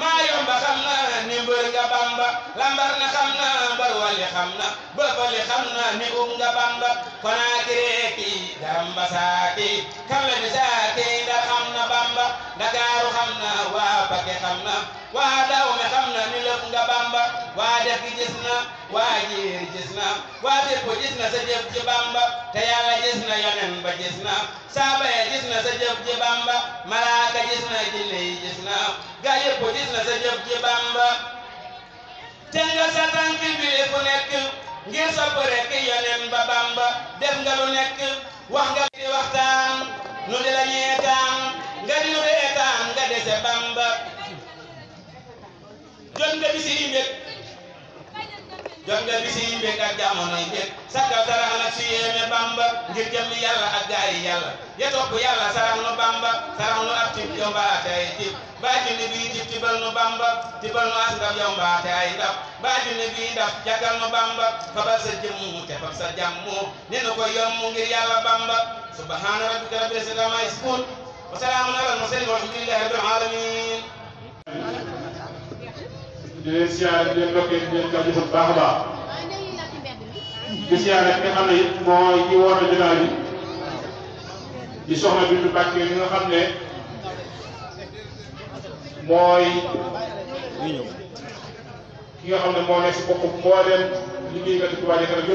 maa yomba xam na ni mbër nga bamba lambar na xam na mbar wali xam na bëfali xam na ni um nga bamba konaakireeki damba saaki kam ni saaki ndax xam na bamba ndakaaru xam na Mbàkke xam na waa daw mi xam na ni lëf nga Bamba waa def gi na waa jiir gis na waa bépp gis na sa jëf ji Bamba te yàlla gis na yonen ba gis na saaba ya gis na sa jëf ji Bamba malaaka gis na jinne yi gis na gaa yëpp gis na sa jëf ji Bamba te nga sa tànk bi fu nekk ngir sopp rekk yonen ba Bamba def nga lu nekk wax nga di waxtaan nu di la jonde bisi yimɓe jonde bisi yimɓe kak jamono e ɓen sakka bamba ngir jammi yalla addari yalla yetoppo yalla sarahno bamba sarahno artim yo mbaata e jib baajunde ɓi tibalno bamba tibalno asdam yo mbaata e ɗam baajunde ɓi ɗam bamba fabal sa jemmu tefam sa jammu neno ko yommu ngir yalla bamba subhana rabbika rabbil izzati amma yasifun wa salamun ala al mursalin walhamdulillahi rabbil alamin di leen di leen lokkee di leen jaajëfal baax a baax di ki nga xam ne it mooy ki nga xam ne mooy ki nga xam ne moo nekk si bokk mbooleem liggéeykat yi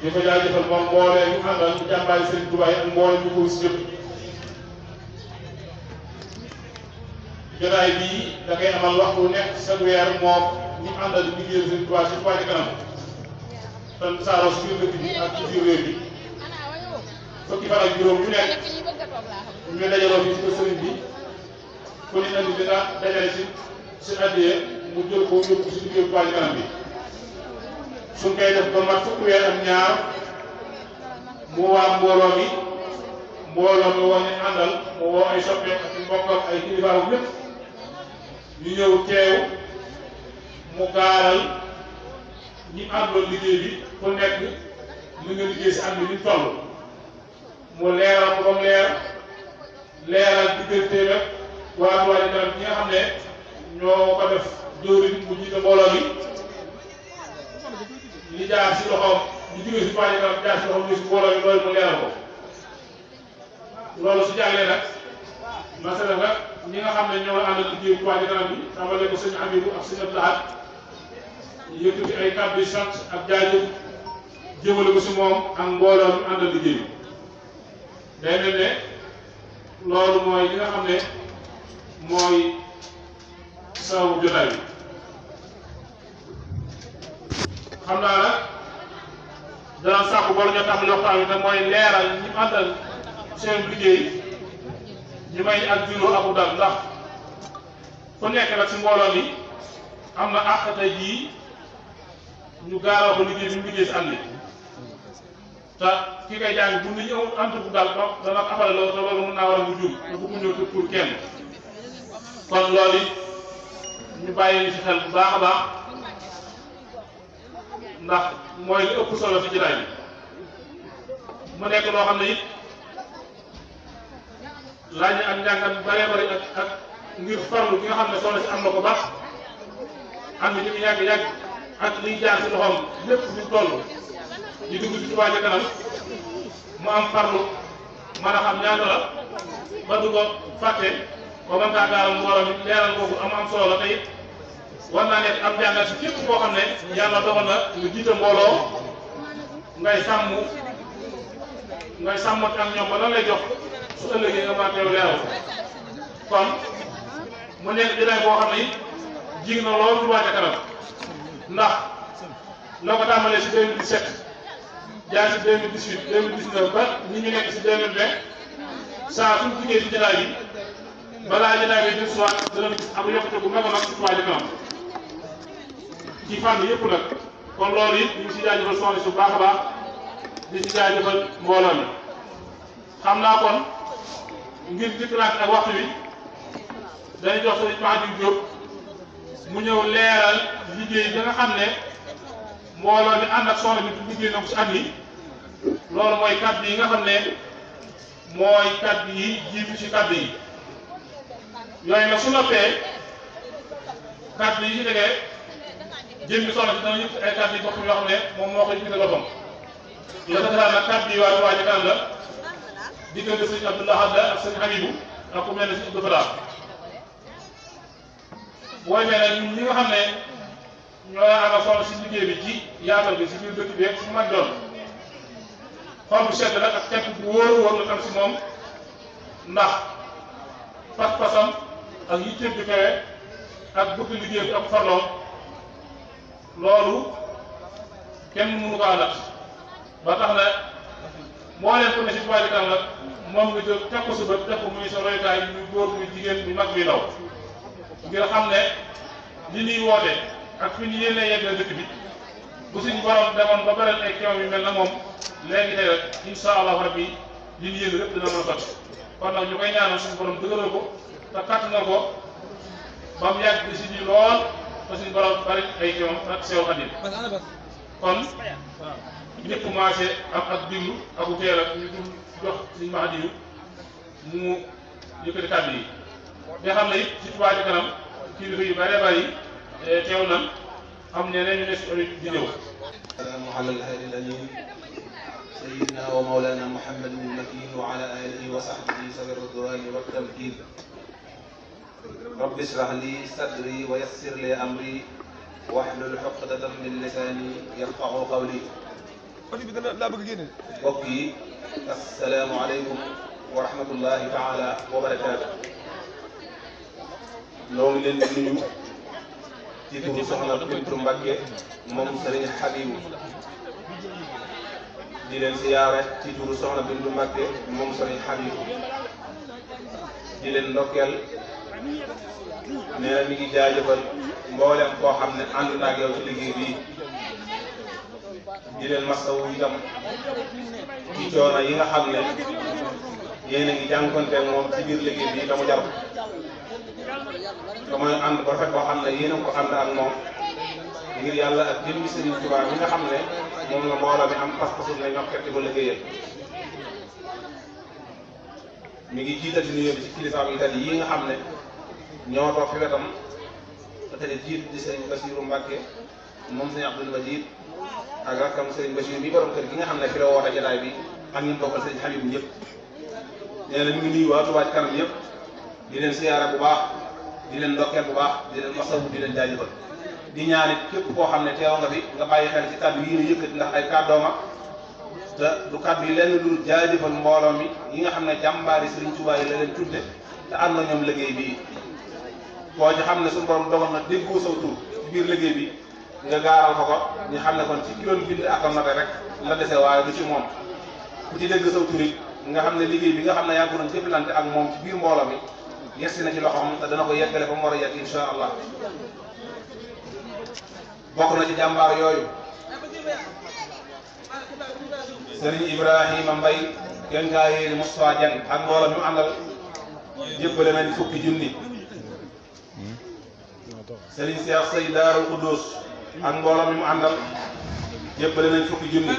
di ko jaajëfal moom mbooleem ñu àndal jàmbaari seen Touba yi ak mbooleem ñu ko wis jotaay bii da ngay amal waxtu nekk sa weer moom ñi ànd ak si bi juróom yu nekk ñu dajaloo fii ci ko sëriñ bi ku ne andi dina dajale si si addiyee mu jël ko yóbbu si liggéey Tuubaa kanam bi suñ koy def ba mat fukki weer ak ñaar mbooloo mbooloo mi woo ñu àndal mu woo ay soppeeku ak mbokk ay kilifa lépp ñu ñëw teew mu gaaral ñi àndoon liggéey bi ku nekk li nga liggéey si ànd bi ñu toll mu leeral ko ba mu leer leeral diggante rek waa Touba Ca Kanam ñi nga xam ne ñoo ko def dóori bu jiite mbooloo bi li jaar si loxoom li jógee si Touba Ca Kanam jaar si loxoom ñu si mbooloo bi loolu mu leeral ko loolu su jàllee nag masala la ñi nga xam ne ñoo àndal ci biir waa Jokalante bi tàmbale ko sëñ Habibou ak sëñ Abdou Lahad ñu yëkkati ak jaajëf jëmale ak mbooloo àndal liggéey day mel ne loolu mooy li nga xam ne mooy sababu jotaay bi xam naa nag dana sàkku bala ñoo tax waxtaan wi nag mooy leeral ñi àndal seen liggéey. ñi may ak juróom abu dal ndax ku nekk nag si mbooloo mi am na àq tey jii ñu gaaroo ko liggéey bi liggéey si àll bi te ki koy jàng bu nit ñi amul bu dal ba dana afale loolu te loolu mën naa war a mu jur te bu mu ñëw te kenn kon loolu ñu bàyyi ci xel bu baax a baax ndax mooy li ëpp solo ci jiraay bi mu nekk loo xam ne it laaj na ak njàngat bu bëree bëri ak ngir farlu bi nga xam ne soxna si am na ko baax am na li mu yàgg yàgg ak liy jaar si loxoom lépp ñu toll ñu dugg ci Touba ca mu am farlu mën a xam ñaata la ba du fàtte ba mën kaa gaaral mbooloo mi leeral googu am am solo la tey war naa nekk am jàngat si képp koo xam ne yàlla dogal na nga jiite mbooloo ngay sàmm ngay sàmmat ak ñoom ba lan lay jox. su ëllëgee nga mën a teew leeral kon mu nekk jëlaay boo xam ne jig na loolu Touba ca kanam ndax la ko tàmbalee si 2017 jaar si 2018 2019 ba ñi ñu nekk si 2020 saa suñu jugee si jëlaay bi balaa jëlaay bi jël soit danañ gis yokkute bu mag a mag si Touba ca kanam ci fànn yëpp nag kon ñu ngi si su baax a baax di si jaajëfal mbooloo mi xam naa kon. ngir jëkkalante ak waxtu wi day jox sëriñ Pape Diop mu ñëw leeral liggéey bi nga xam ne mbooloo mi ànd ak soxna bi liggéey na ko si at yi loolu mooy kàddu yi nga xam ne mooy kàddu yi jiitu ci kàddu yi yooyu si dana yëpp ay kàddu yi bopp yoo xam ne moom moo ko yëkkati boppam yoo xam ne daal nag yi waa waa ji kanam la diggante sëñ Abdoulaye Hadda ak sëñ Habibou ak ku mel ne si Abdou Fatah booy mel ne ñi nga xam ne ñoo am solo si liggéey bi ci yaatal bi si biir dëkk bi su mag doon xol bu sedd la ak tegu bu wóor wóor la am si moom ndax pas-pasam ak yitteem bi kawe ak bëgg liggéey bi ak farloom loolu kenn mënu ko àndal ba tax na. mbooleem ku ne si Touba ca kanam la moom nga jóg teg ko sa bët ko muy sa royukaay muy góor jigéen muy mag muy ndaw ngir xam ne li ñuy woote ak fi ñu yéenee yeggal dëkk bi bu suñ borom demoon ba baral ay kéema yu mel na moom léegi tey rek incha allahu rabbi li ñu yéen lépp dina mën a kon nag ñu koy ñaanal suñu borom dëgëral ko te kàtt na ko ba mu yàgg si ñu lool te suñu borom bari ay kéema ak sew xadim kon. ñëpp commencé am ak diglu aku teel ak ñu dul jox suñu Mahdiyu mu yëkkati kàddu yi nga xam ne it ci Touba Ca Kanam kilifa yu bare bari teew nan xam ne ne ñu ne si ori di ñëw salaamu ala al-haadi al-amiin sayyidina wa mawlaana Muhammadin al-makiin wa ala aalihi wa sahbihi sawi ridwaani wa tamkiin rabbi ishrah li sadri wa yassir li amri wahlul uqdatan min lisaani yafqahu qawli oto bi dana laa bëgg a génne. mbokk yi asalaamaaleykum wa rahmatullahi taala wa barakaatu. ñoo ngi leen di nuyu ci turu soxna Bintu Mbacke moom Serigne Habibou. di leen siyaare ci turu soxna Bintu Mbacke moom Serigne Habibou. di leen ndokkeel nee na mi ngi jaajëfal mboolem koo xam ne ànd na ak yow ci liggéey bii. di leen masawu itam ci coono yi nga xam ne yéen a ngi jànkonteeg moom ci biir liggéey bi dama jar ko mooy ànd ko rafet boo xam ne yéen a ko ànd ak moom ngir yàlla ak jëmmi nga xam ne moom la mbooloo mi am pas-pasu ne ñoo xetti ba liggéeyal mi ngi jiital di ci kilifaam yi tali yi nga xam ne ñoo toog fi wetam te jiit di sëriñ Basiiru Mbàkke moom sëriñ Abdul Wajiid ak rakkam sëriñ Bachir bi borom kër gi nga xam ne fi la woote jataay bi ak ñun bokkal sëriñ Habib na ñu ngi nuyu waa Touba Ca Kanam yëpp di leen siyaara bu baax di leen ndokkeel bu baax di leen masawu di leen jaajëfal di ñaanit képp koo xam ne teew nga fi nga bàyyi xel ci kàddu yi ñu yëkkati ndax ay kàddooma te du kàddu yi lenn lu dul mbooloo mi yi nga xam ne jàmbaari sëriñ Touba yi la leen tudde te am na ñoom liggéey bi koo ci xam ne suñu borom dogal na déggoo saw tur biir liggéey bi nga garal ko ko ñu xam kon ci kiloon bind ak a note rek la déssé waye du ci mom ku ci dégg saw turit nga xam ne liggéey bi nga xam ya yaa ko doon jëflante ak mom ci biir mbolo mi yessi na ci loxam da na ko yéggalé ba mo war a yegg insha allah bokk na ci jambar yoyu sëriñ Ibrahim mbay yang kaya di Moustapha Dieng ak mbooloo mi mu àndal jëbbale nañ fukki junni sëriñ Cheikh Daru Daarul Qudus ak mbooloo mi mu àndal jébbale nañ fukki junni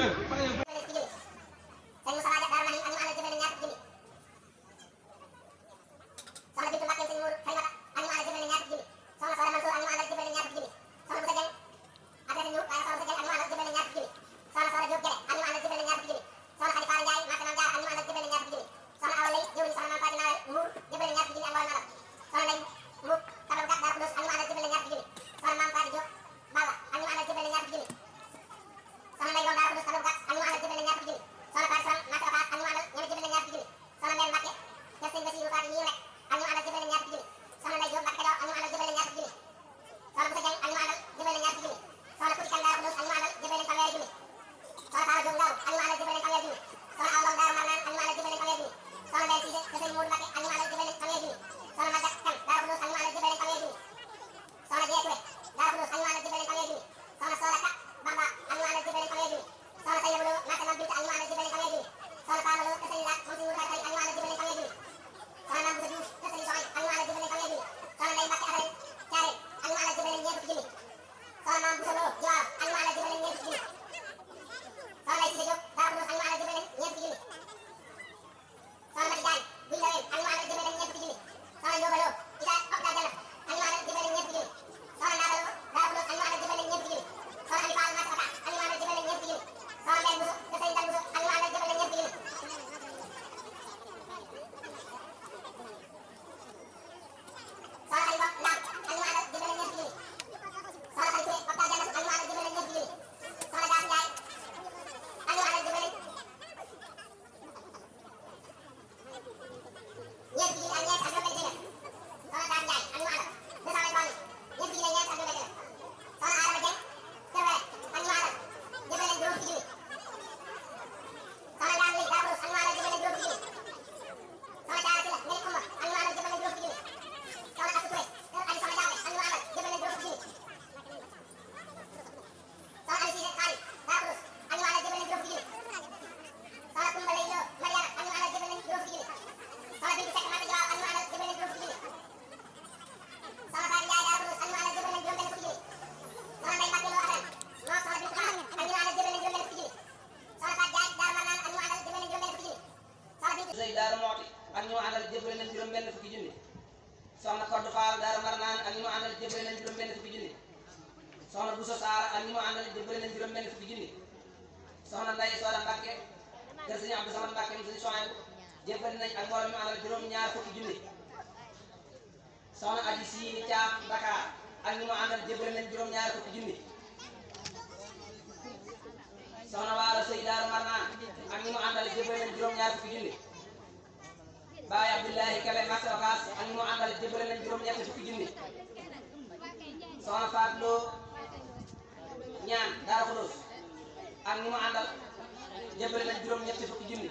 jëmbale dan juróom ñetti fukki junni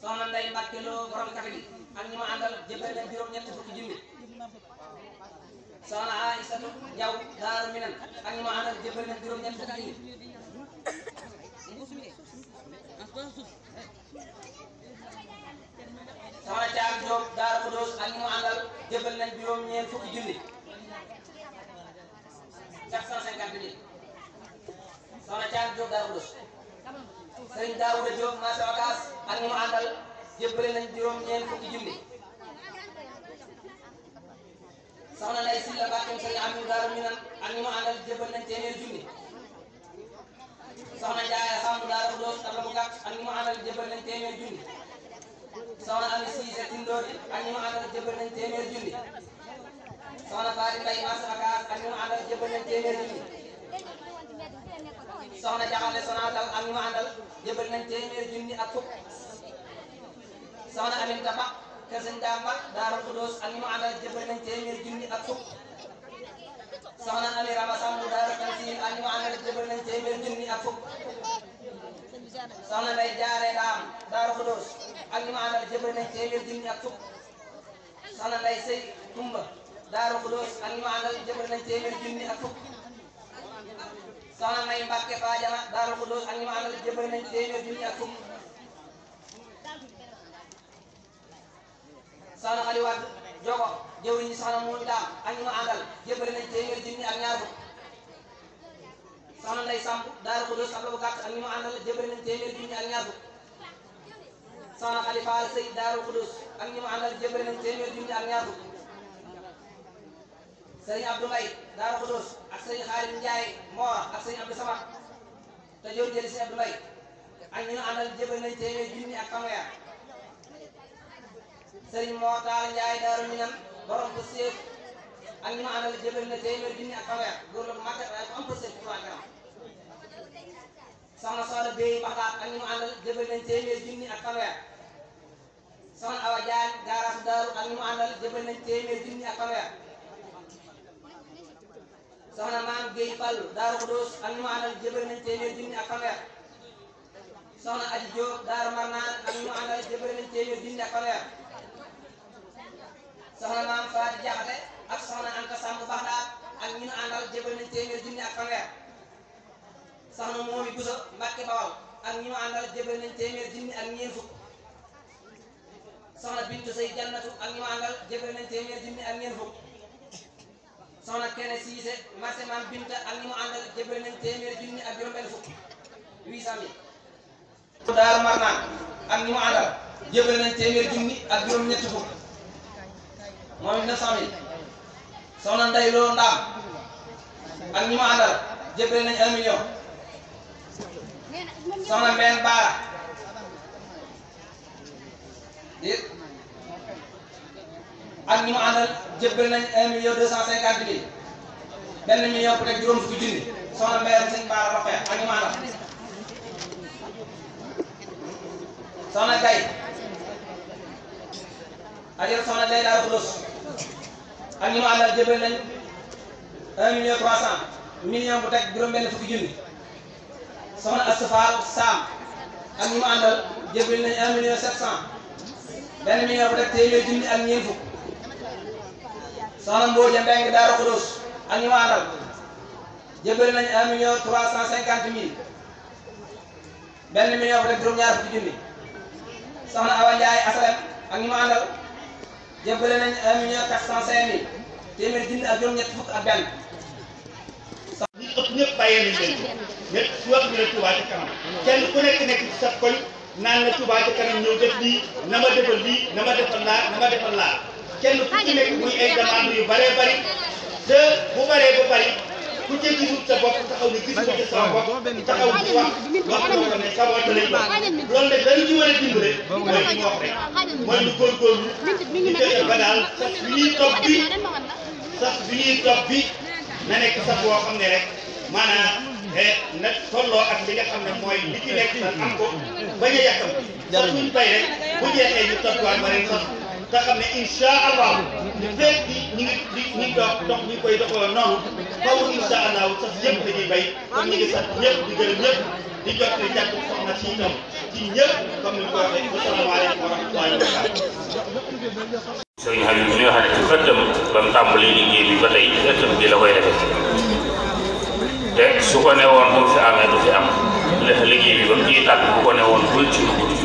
soxna Ndeye Mbacke Lo borom kafe gi ak ñi ma àndal jëmbale na juróom ñetti fukki junni soxna Aïssatou Diaw Daaru Minan ak ñi ma àndal jëmbale na juróom ñetti fukki junni soxna Thiam Diop Daaru Xudoos ak ñi ma àndal nañ soxna Thiam Diop Darou Khoudoss sëriñ Daouda Diop marché Ocass ak ñi mu àndal Daaru Minan ak ñi mu àndal jébbal nañ téeméer junni soxna Ndiaye Samb Daaru Khoudoss ak la mu gàtt ak ñi soxna Jaxate Sonatel ak ñu ma àndal jëbal nañ téeméeri junni ak fukk soxna Aminta Ba kër sëñ Damba Daaru Xudoos ak ñu ma àndal jëbal nañ téeméeri junni ak fukk soxna Ami Rama Samb Daaru Tansin ak ñu ma àndal jëbal nañ téeméeri junni ak fukk soxna Ndey Jaare Daam Daaru Xudoos ak ñu ma àndal jëbal nañ téeméeri junni ak fukk soxna Ndey Sey Tumba Daaru Xudoos ak ñu ma àndal jëbal nañ téeméeri junni ak fukk soxna May Mbàkke Fadiama Daaru Xudoos ak ñi ma àndal jëfal nañ junni ak fukk soxna Xali Wàdd Jogo jëwriñ ñi soxna gàtt ak ñi ma àndal jëfal nañ junni ak ñaar fukk soxna Faal Sëy Daaru Xudoos ak ñi ma àndal jëfal nañ junni ak ñaar sëriñ Abdou Mbaye Daara Khoudous ak sëriñ Xaalim Ndiaye Mor ak sëriñ Abdou Samad te jooju jëli si Abdou Mbaye ak ñu àndal jébal nañ téeméer junni ak fanweer sëriñ Mor Taal Ndiaye Daara Minam borom bu séef ak ñu àndal jébal na téeméer junni ak fanweer góor la bu màgg waaye bu am bu séef tubaab kanam soxna Soxna Béy Baxdaat ak ñu àndal jébal nañ téeméer junni ak fanweer soxna Awa Diagne Gaaraas Daaru ak ñu àndal jébal nañ téeméer junni ak fanweer soxna maam Guèye Fall Daara Khoudoss ak ñu mu àndal jëbal nañ téeméer junni ak fanweer Marnaan ak ñu mu àndal jëbal nañ téeméer junni ak fanweer fukk soxna Bintu Sey Jannatu ak ñu mu àndal jëbal nañ téeméer junni ak ñeent fukk soxna Kene Siise marché maam Binta ak ñi mu àndal jëbal nañ téeméer junni ak juróom benn fukk huit cent ak ñi mu àndal jëbal nañ téeméer junni ak ñetti fukk moom it neuf cent mille soxna Ndey ak ñi mu àndal jëbal nañ un million soxna Mbeen Baara ak ñi mu àndal jëbbal nañ un million deux cent cinquante mille benn million ku nekk juróom fukki junni soxna mbayam sëñ Baara Roqe ak ñi mu àndal soxna Gaye ajër soxna Gaye Daaru Xulos ak ñi mu àndal jëbbal nañ un million trois cent million bu teg juróom benn fukki junni soxna Astafaal Saam ak nañ million million bu ak soxna Mbodja Mbengue Daara Khoudoss ak ñi ma àndal jëbale nañu un million trois cent cinquante mille benn million bu teg juróom-ñaar fukki junni soxna Awa Ndiaye Asalem ak ñi ma àndal jëbale nañu un million quatre cent cinq mille téeméer junni ak juróom-ñett fukk ak benn. ñi ëpp ñëpp bàyyee nañ leen ñëpp su wax ñu ne Touba ca kanam kenn ku nekk nekk ci sa koñ naan la Touba ca kanam ñëw def lii na ma defal lii na ma defal laa na ma defal laa. kenn ku ci nekk muy ay demande yu bëree bëri te bu bëree ba bëri ku ci gisul sa bopp taxaw ni gisuma ci sama bopp taxaw ci wax wax nga ko ne sama wàll lay doon loolu nag dañu ci war a dimbale mooy li ñu wax bi ñuy topp na nekk sax boo xam ne rek maanaam eh, na tolloo ak li nga xam ne mooy li ci nekk sax am ko bañ a yàqam sax suñ bay rek bu jeexee ñu topp waat ba sax te xam ne incha allah feeg bi ñu ngi di ñu ngi dox dox ñu koy doxoo noonu faww incha allah sax ñëpp dañuy bay kon ñu ngi sax ñëpp di gërëm ñëpp di jot di jàpp soxna si itam ci ñëpp comme ni mu ko waxee asalaamaaleykum wa rahmatullahi wa barakatuh. sëriñ Habib mi nga xam ne ci ëttam ba mu tàmbali liggéey bi ba tey ci ëttam bi la koy defee te su ko newoon bu fi amee du fi am ndax liggéey bi ba mu ciy tàgg bu ko newoon bul ci dugg.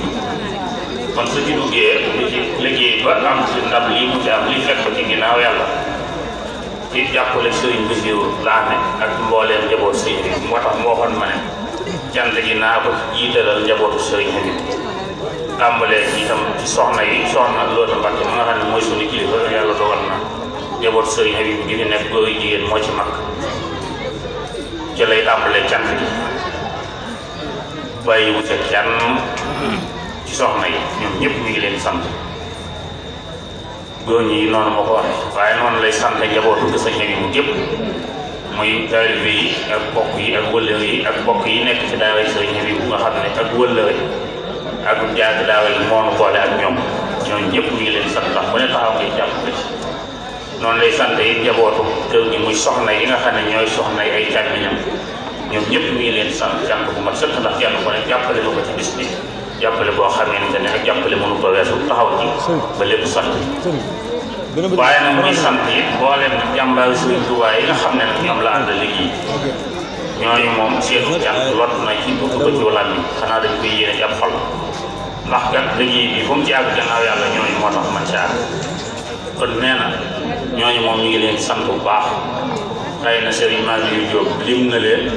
kon su ci duggee di liggéey ba am ci ndam lii mu ci am fekk ci ginnaaw yàlla ci jàppale sëriñ bi siiw laa ne ak mbooleem njaboot sëriñ bi moo tax moo xoon gi naa ko jiitalal njabootu sëriñ bi tàmbalee ci itam ci soxna yi soxna loolu Mbàkke ma nga xam ne mooy suñu yàlla dogal na njaboot sëriñ bi gi nekk góor yi jigéen moo ci mag ci lay tàmbalee cant gi bàyyiwu ca kenn soxna yi ñoom ñëpp ñu ngi leen sant góor ñi noonu moo ko waxee waaye noonu lay sant njabootu gi sëñ bi mu gépp muy taalibe yi ak bokk yi ak wëllëre yi ak bokk yi nekk ci daaway sëñ bi bu nga xam ne ak wëllëre ak jaag daaway moonu boole ak ñoom ñoom ñëpp ñu ngi leen sant ndax bu ne taxaw ngay jàpp ko ci noonu lay sant yi njabootu kër gi muy soxna yi nga xam ne ñooy soxna yi ay càmmiñam ñoom ñëpp ñu ngi leen sant jàpp bu mat sëkk ndax kenn ko ne jàppale ko ci bis bi jappale bo xamante ne ak jàppale mënu ko wessu taxaw ci ba lepp sant waye nag muy sant yi mboolem jàmbaar suñu tubaay yi nga xamne ne nag la ànd ligi ñoy mom cheikh jàng lot na ci bu ko ci wala ni xana dañ koy yene jàpp xol ndax kat ligi bi fu mu ci ag gannaaw yalla ñoy mo tax man ci àgg kon neena ñoy mom moom ñu ngi leen sant bu baax xëy na Serigne yu jog lim na leen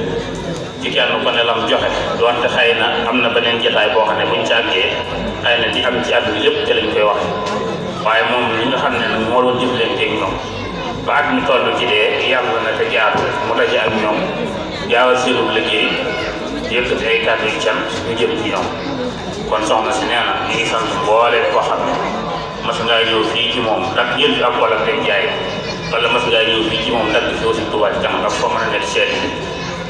ci kenn ku ne lam joxe doonte xëy na am na beneen jotaay boo xam ne buñ ci àggee na ji am ci àdduna yëpp te lañ koy wax waaye moom li nga xam ne nag moo doon jëflanteeg ñoom ba at mi toll ci dee yàlla na te jaatu mu daje ak ñoom jaawal seenub liggéey yëkkati ay kàddu yu cant ñu jëm ci kon soxna si nee na ñu ngi sant mboolee koo xam ne mas ngaa ñëw fii moom ndax yël bi ak wala tey jaay wala mas ngaa ñëw fii ci moom ndax di foo si tubaab ci kanam ak foo mën a seet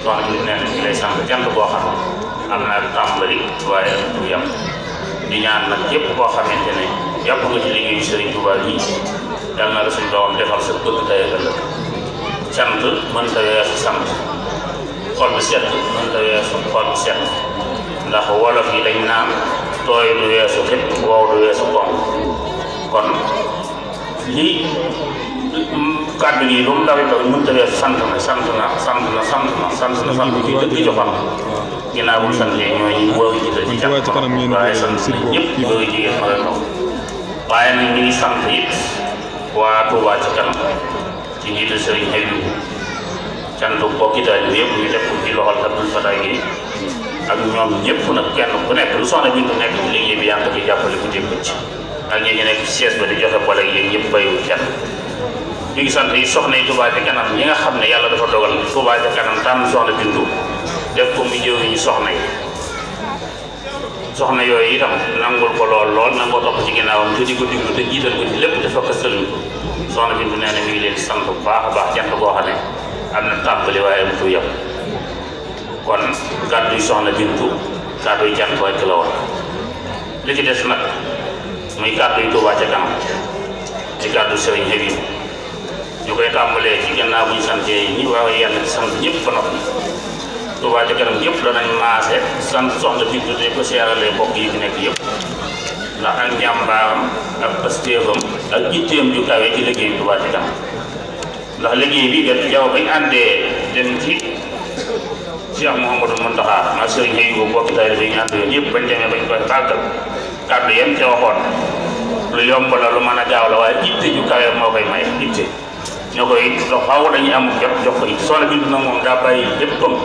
soxna bi nee na ñu sant cant boo xam ne am naa tàmbali waaye ak du yàpp di ñaan nag yëpp koo xamante ne yàpp nga ci liggéeyu Serigne Touba yi yal na la suñu doom defal sa bëgg tey ëllëg cant mënta weesu sant xol bi set mënta weesu xol bi set ndax wolof yi dañ naan tooy lu weesu xit wow du weesu konk kon lii kàddu gi lu mu ndaw ndaw mënut a weesu sant na sant na sant na sant na sant na sant na sant na joxoon ginnaaw bu ñu sant ñooñu boo gisee ci jàpp waaye sant nañ ñëpp boo jigéen ma la taw waaye nag ñu ngi sant it waa Touba ci kanam ci njiitu Serigne Ayib cantu bokki taalibe yëpp ñu def ko ci loxol Abdoul Fatah gi ak ñoom ñëpp nag kenn ku nekk lu soxla bi ñu nekk ci liggéey bi yaa ngi ko ci jàppale bu dégg ci ak ñi ñu nekk ci siège ba di joxe boole yéen ñëpp bayu kenn. ñu ngi sant yi soxna yi Touba ca kanam ñi nga xam ne yàlla dafa dogal Touba ca kanam tànn soxna bindu def ko mu jëw ñu soxna yi soxna yooyu itam nangul ko lool lool nangoo topp ci ginnaawam te ko diglu te jiital lépp dafa ko sëluñ ko soxna bindu nee mi ngi leen sant bu baax baax jant boo xam ne am na tàmbali waaye mu tuuti yi soxna bindu kàddu yi jant wàcc la woon li ci des nag muy kàddu yi Touba ca kanam ci kàddu Serigne Habib ñu koy tàmbalee ci gannaaw bu ñu ñi waaw yàlla sant ñëpp ba noppi Touba ca kanam yëpp danañ maase sant soxna bi tuddee ko seeralee bokk yi nekk yëpp ndax ak njàmbaaram ak pastéefam ak jitteem ju kawe ci liggéey Touba ca kanam ndax liggéey bi gat jaw bañ àndee dem ci Cheikh Mouhamadou Mountakha ma sëriñ yi bu bokk tay bi ñu ànd bañ bañ lu yomb la lu gaaw la itte ju koy may itte ñoo koy dox faaw dañuy am jot jox ko it soxna Bintu nag moom daa bàyyi lépp comme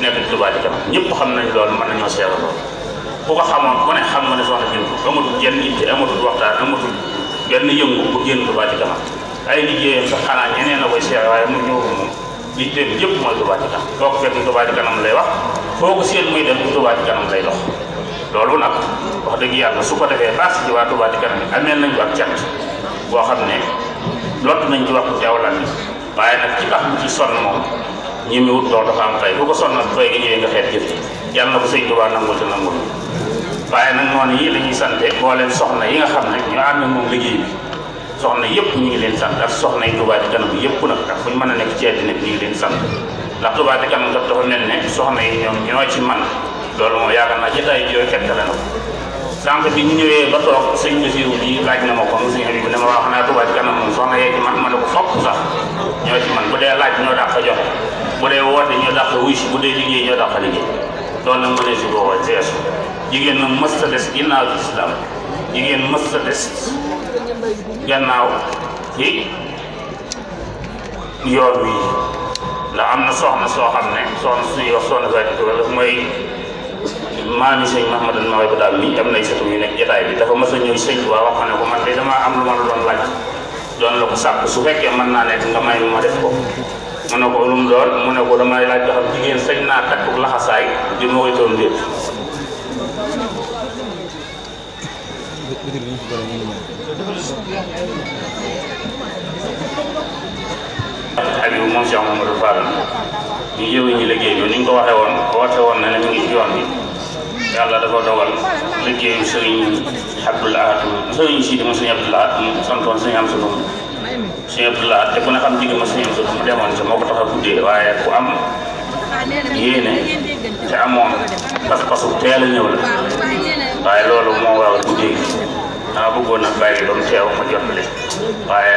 nekk ci Touba di kanam ñëpp xam nañ loolu mën nañoo seetlu loolu bu ko xamoon ku ne xam nga ne soxna Bintu amatul jenn itte amatul waxtaan amatul benn yëngu bu génn Touba di kanam ay liggéeyam sax xanaa ñeneen a koy seetlu waaye mu ñëwul moom liggéeyam yëpp mooy Touba di kanam boo ko fekk Touba di kanam lay wax foo ko seet muy dem Touba di kanam lay dox loolu nag wax dëgg yàlla su ko defee baax ci waa Touba di kanam amee nañ ko ak cant boo xam ne lott nañ ci wax jawlan ni waaye nag ci baax ci sonn moom ñi mi wut loolu dafa am fay bu ko son fay gi ñëwee nga xeet jëf yàlla na ko sëñ Tuubaa nangul te nangul waaye nag noonu yii la ñuy sante mbooleem soxna yi nga xam ne ñu ànd moom liggéey soxna yëpp ñu ngi leen sant ak soxna yi Touba Ca Kanam yëpp nag ak fu ñu mën a nekk ci àddina bi ñu ngi leen sant ndax Touba Ca Kanam dafa mel ne soxna yi ñoom ñoo ci man loolu moo yaakaar naa jotaay ay fekk na ko sànq bi ñu ñëwee ba toog sëñ si bi laaj na ma ko sëñ Habibu ne ma wax naa Tuubaa ci kanam moom soxna yee ma ne ko fopp sax ñoo ci man bu dee laaj ma dàq joxe bu dee woote ñoo dàq wuyu bu dee liggéey ñoo dàq liggéey loolu nag mënee si booba seesu jigéen nag mës ta des ginnaaw islam jigéen mës gannaaw ci am na soxna soo xam ne soxna suñuy wax soxna maami sëñ Mahamadan Maodo daal mi dem nay sëtu mi nekk jotaay bi dafa mas a ñëw sëñ Tuubaa wax ko man de damaa am lu ma la la ko sàkk su fekkee mën naa nekk nga may def ko mu ne ko lu mu doon mu ko damay laaj ba xam jigéen sëñ naa takkuk laxasaay di ma koy toon déet Aliou moom Cheikh Mamadou Fall ñu jëwee ñu liggéey bi ni ñu ko waxee woon woote woon na ne ñu ngi ci bi yàlla dafa dogal liggéeyu sëriñ Abdul Ahad sëriñ si dama sëriñ Abdul Ahad mu santoon sëriñ am sudum sëriñ Abdul Ahad te ku ne xam diggama sëriñ am sudum demoon si moo ko tax a guddee waaye ku am yéene te amoon pas-pasu teel a ñëw la waaye loolu moo waral guddee dama bëggoon a bàyyi doom teew ma jotale waaye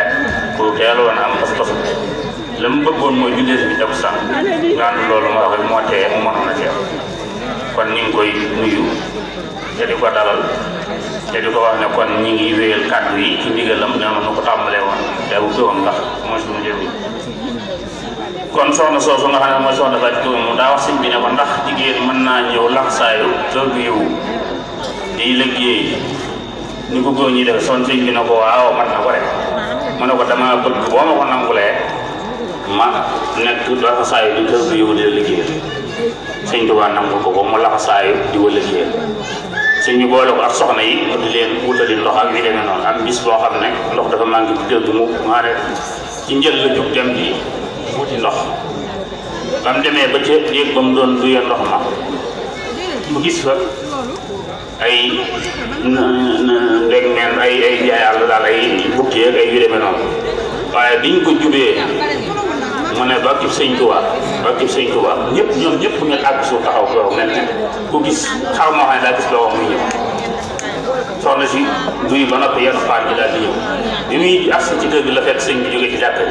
ku teeloon am pas-pasu la mu bëggoon mooy jullee si bi dab sax nga loolu ma wax moo tee mu mënoon a teew kon ñi ngi koy nuyu te di ko dalal te di ko wax ne kon ñi ngi wéel kaddu yi ci ndigalam ñoo ñu ko tambalé won te bu ko woon ndax mooy suñu jëwi kon soxna soosu nga xamne mo mooy soxna laaj tuum mu da wax sin bi ne ko ndax jigéen mën naa ñëw laxsaayu tëgg yu di liggéey ni ko ko ñi def son sin bi nako waaw man nako rek man ne ko dama bëgg bo ma ko nangulé ma nekk laxsaayu di tëgg yu di liggéey sëñ Tuubaa nangu ko ko mu laxasaayu di wëlal leen sëñ boole ko ak soxna yi di leen wutali ndox ak yu demee noonu am bis boo xam ne ndox dafa manqué bu dëgg mu maa ne ci ndox ba mu ba ca yéeg ba mu ndox ma gis fa ay ndeg neen ay ay jaay àll daal ay bukki ay yu demee noonu waaye biñ ko jubee ma ne barke sëñ Tuubaa barke sëñ Tuubaa ñëpp ñoom ñëpp bu ngeen àgg suuf taxaw ko mel ne ku gis xaw ma xam ne daa gis loo wax muy ñëw soxna si duy ba noppi yenn paan ji daal di ñëw bi muy agsi ci kër gi la fekk sëñ bi jógee ci jàkka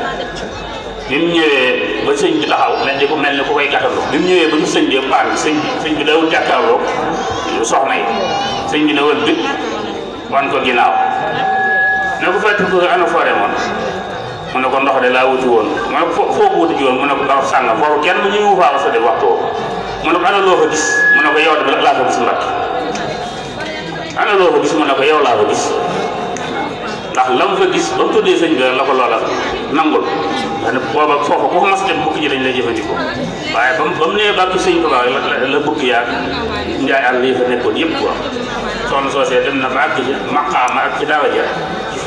bi mu ñëwee ba sëñ bi taxaw mel ni ku mel ni ku koy gàttandu bi mu ñëwee ba ñu sëñ bi paan bi sëñ bi sëñ bi dawul jàkkaarloo soxna yi sëñ bi ne wël bi wan ko ginnaaw ne ko fekk ko ana foore moon mu ne ko ndox de laa wuti woon mu ne ko foo ko wuti ji woon mu ne ko ndox sànga foofu kenn ñu ngi faa sa de waxtu mu ne ko ana loo fa gis mu ne ko yow de laa fa gis mbakki ana loo fa gis mu ne ko yow laa fa gis ndax la mu fa gis ba mu tuddee sëñ bi la ko loola nangul ndax ne booba foofa ku ko mas dem bukki ji lañ lay jëfandikoo waaye ba mu ba mu nee bàkki sëñ Tuubaa la la bukki yaag njaay àll yi fa nekkoon yëpp quoi soxna soosee dem na ba àgg ci maqaama ak ci daawa ja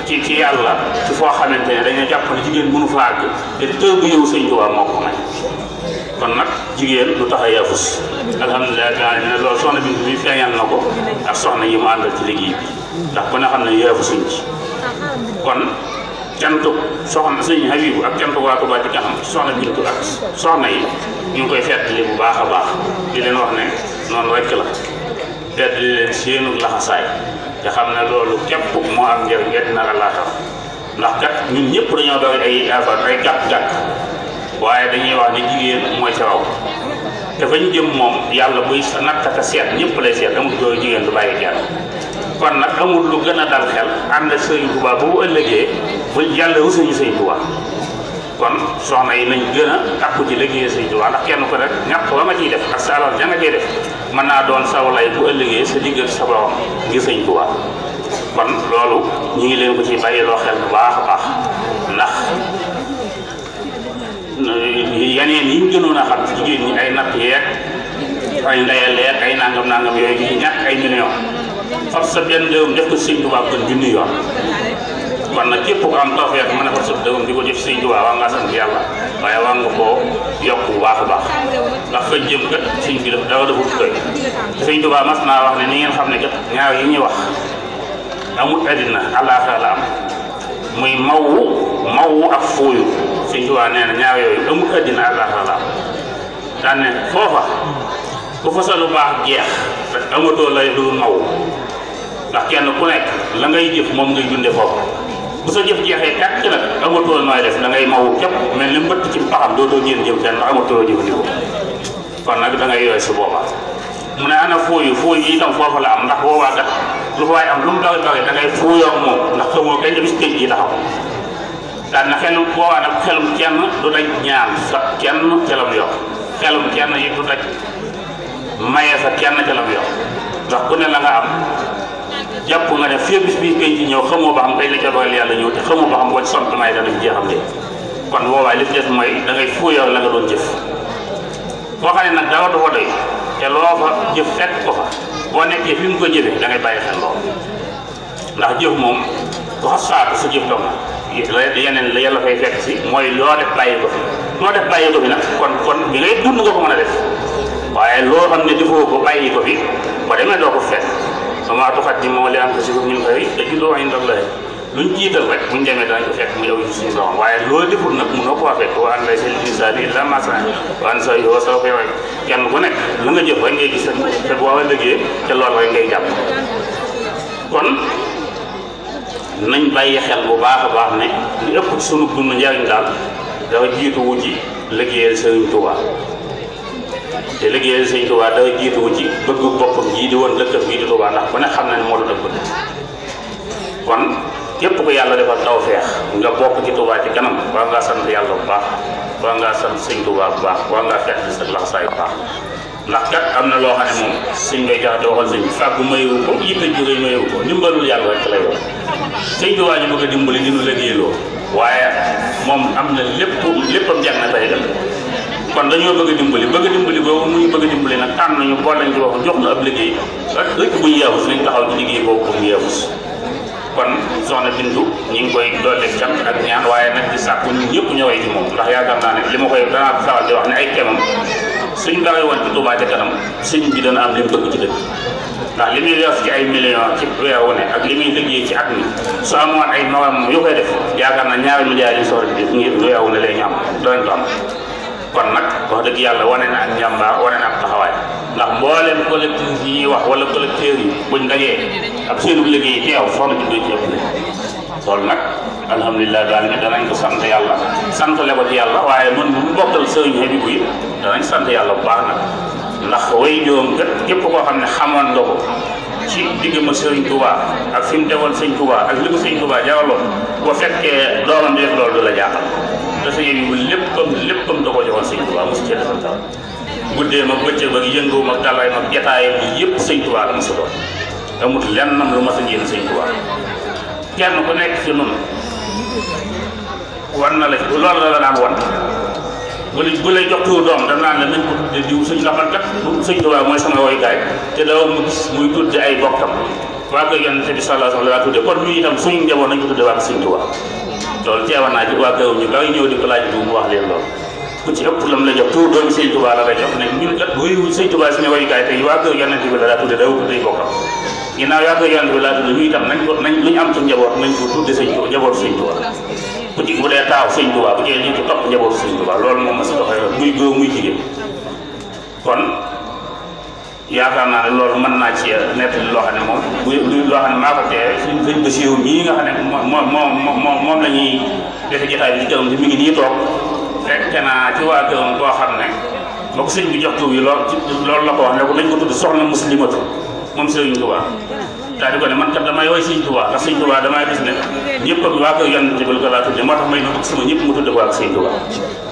ci ci yàlla ci foo xamante ne dañoo jàpp ne jigéen mënu fa àgg te tëb bu yow sëñ Tuubaa moo ko may kon nag jigéen lu tax a yaafus alhamdulilah daal ne lool soxna bi bi feeñal na ko ak yi mu àndal ci liggéey bi ndax ba nga xam ne ci kon cantu soxna sëñ Habibu ak cantu waa Tuubaa ci kanam soxna bintu ak soxna yi ñu ngi koy fettali bu baax a baax di leen wax ne noonu rekk la fettali leen seenu laxasaay te xam ne loolu képp moo am njëriñ ngeen dina la laataw ndax kat ñun ñëpp dañoo doon ay affaire ay gàkk-gàkk waaye dañuy wax ni jigéen mooy sa raw te fa ñu jëm moom yàlla buy nattaka seet ñëpp lay seet amul góor jigéen du bàyyi kenn kon nag amul lu gën a dal xel ànd sëriñ Tuubaa bu ëllëgee bu yàlla wusuñu sëriñ Tuubaa kon soxna yi nañ gën a takku ci liggéey sëñ Tuubaa ndax kenn ko rek ñàkk la nga ciy def ak sa alal ja nga ciy def mën naa doon saw lay bu ëllëgee sa diggal sa borom ngir sëñ Tuubaa kon loolu ñu ngi leen ko ci bàyyiloo xel bu baax a baax ndax yeneen yi ñu gënoon a xam jigéen ñi ay natt yeeg ay ay nangam nangam yooyu ñàkk ay million benn def ko sëñ kon junni yoon kon nag képp ku am tawfeex mën a ko sëf dëgëm di ko jëf sëñ Tuubaa waa nga sant yàlla waaye waa nga koo yokk bu baax a baax ndax fa jëm dafa defut koy sëñ mas naa wax ne ni ngeen xam ne kat ñaar yi ñuy wax amul àddina àllaaxira la am muy mawwu mawwu ak fooyu sëñ Tuubaa yooyu amul àddina àllaaxira la am foofa bu fa sa jeex amatoo lay lu maw ndax kenn ku nekk la ngay jëf moom ngay dunde foofu bu sa jëf jeexee tàkk ci nag amatoo nooy def da ngay mawu képp mel ni mbëtt ci paxam dootoo ñeen jëf kenn ndax amatoo jëfandikoo kon nag da ngay yooy su boobaa mu ne ana fooyu fooyu yi itam foofu la am ndax boobaa kat lu fa waay am lu mu dawe dawe da ngay fooyoo moom ndax xamoo kañ la bis tëj yi taxaw daan na xelum boobaa nag xelum kenn du daj ñaan sa kenn xelam yox xelum kenn yi du daj maye sa kenn xelam yox ndax ku ne la nga am jàpp nga ne fii bii kay ci ñëw xamoo ba xam kay la ca dogal yàlla ñëw te xamoo ba xam wàcc sant naay danañ kon boobaay li mooy da ngay fóoyal la nga doon jëf boo xam ne nag dara du fa doy te loo fa jëf fekk ko fa boo nekkee fi mu ko jëfee da ngay bàyyi xel lool ndax jëf moom du xas saatu sa jëf dong yeneen yàlla fay fekk si mooy loo def bàyyi ko fi loo def bàyyi ko fi nag kon kon bi ngay dund nga ko mën a def waaye loo xam ne defoo ko bàyyi ko fi ba demee doo ko fekk xamaa tuqaddimu li anfusikum min xayrin tajiduhu inda Allahi luñ jiital rek buñ demee danañ ko fekk mu yow ci suñu borom waaye loolu deful nag mënoo koo fekk wa an laysa lil insaani illaa maa saa wa an sa'yahu sawfa yu'taa kenn ku nekk la nga jëf rek ngay gis te boo ëllëgee te loolu rek ngay jàpp kon nañ bàyyi xel bu baax a baax ne li ëpp sunu dund njariñ daal dafa jiitu wu ci liggéeyal Sëriñ Tuubaa te liggéeyal sëñ Tuubaa da jiituwu ci bëggu boppam jii di woon dëkkam jii di Tuubaa ndax ku ne xam na ne moo doon ak bëgg képp yàlla defal tawfeex nga bokk ci Tuubaa ci kanam waa ngaa sant yàlla bu baax waa ngaa sant sëñ bu baax waa ngaa fekk sa laxasaay bu baax ndax kat am na loo xam ne moom sëñ ngay jox di waxal sëñ fàggu mayewu ko yitte jóge mayewu dimbali dinu liggéeyloo waaye moom am na lépp lépp léppam jàng na dem kon dañoo bëgg a dimbali bëgg a dimbali boobu mu ñu bëgg a dimbali nag tànn nañu bool nañu wax jox ñu ab liggéey ëpp bu ñu yeewu liggéey boobu bu ñu yeewu si kon soxna ñu ngi koy doole cant ak ñaan waaye nag di sàkku ñun ñëpp moom ndax yaakaar naa ne li ma koy danaa sawal di wax ne ay temam suñ dawee woon ci Touba ca sëñ bi dana am li bëgg ci dëkk li muy def ci ay millions ci weer wu ne ak li muy liggéey ci at mi su ay magam yu koy yaakaar naa ñaari milliards yi soxla bi def ngir weer wu ne ñu am dooñ ko kon nag wax dëgg yàlla wane na ak njàmbaar wane na ak taxawaay ndax mboolem collectif yi ñuy wax wala collecteurs yi buñ dajee ak seenu liggéey teew soxna ci duñ jëpp loolu nag alhamdulilah daal ni danañ ko sant yàlla sant le ko ci yàlla waaye mën mu bokkal sëriñ Habibou yi danañ sant yàlla bu baax nag ndax way joom gët képp koo xam ne xamoon nga ko ci digg ma Serigne Touba ak fi mu demoon Serigne Touba ak li ko Serigne Touba jaraloon bu fekkee doomam bi la jaaxal dafa yëngu léppam léppam da ko joxoon sëñ Tuubaa mosu cee defal dara guddee ma bëccëg ba yëngoo ma dalaay ma jataayam bi yëpp sëñ Tuubaa la mosu doon amut lenn nam lu mas a yéen sëñ Tuubaa kenn ku nekk ci noonu war na la loolu la la daan wan bu la bu lay jox tuur doom da naan la nañ ko tudde diw sëñ laxal kat sëñ Tuubaa mooy sama woykaay te daaw mu gis muy tudde ay bokkam waa ko yonent bi sallallahu alayhi wa sallam la tudde kon ñu itam suñu njaboot nañ ko tudde waa ko sëñ Tuubaa loolu ci awanaa ji waa gawam ñu gaaw ñëw di ko laaj bu mu wax leen loolu ku ci ëpp lam la jox tuur doomi sëñ Tuubaa la la jox ne ñun kat wuyu sëñ Tuubaa suñu wayukaay tey waa gaw yonent bi la daa tudde daw ñu ko nañ lu ñu am ci njaboot nañ ko tudde sëñ Tuubaa njaboot sëñ Tuubaa dee taaw sëñ Tuubaa bu dee ñu ci topp njaboot sëñ Tuubaa loolu moom ma si doxee muy góor muy jigéen yaakaar naa ne loolu mën naa ci nett loo xam ne moom bu loo xam ne maa ko teewee suñ sëñ Basiiru mii nga xam ne moom moom moom la ñuy defe jotaay bi ci këram si mi ngi nii toog fekk naa ci waa këram koo xam ne ba ko sëñ bi jox tur yi loolu loolu la ko wax ne ko dañ ko tudd soxna muslimatu moom sëriñ Tuubaa daal di ko ne man kat damay woy sëñ Tuubaa ndax sëñ Tuubaa damay gis ne ñëpp ak waa kër yonent bi ko laa tudde moo tax may na ko sama ñëpp mu tudde ko ak sëñ Tuubaa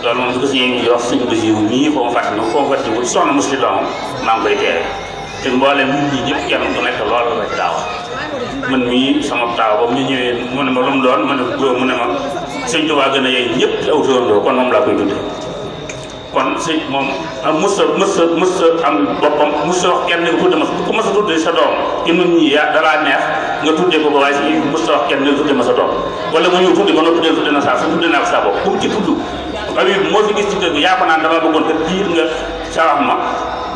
loolu moom ko sëñ bi wax sëñ Basiru mii ko mu fàtte ma ko mu fàtte wul soxna mos li doomam maa ngi koy teere te mboolem nit ñi ñëpp kenn ku nekk loolu rek daaw man mii sama taaw ba mu ñëwee mu ne ma lu mu doon ma ne góor mu ne ma sëñ Tuubaa gën a yey ñëpp te aw tóorandoo kon moom laa koy tudde kon sëñ moom mësa mësa mësa am boppam mësa wax kenn nga tudde ma ku mësa tudde sa doom ci nun ñi yaa dalaa neex nga tudde ko ba waaye si mësa wax kenn nga tudde ma sa doom wala mu ñëw tudde ma noo tuddee tudde na sa sa tudde naa ko sa bopp bu mu ci tudd Habib moo fi gis ci kër gi yaa ko naan dama bëggoon te diir nga sa wax ma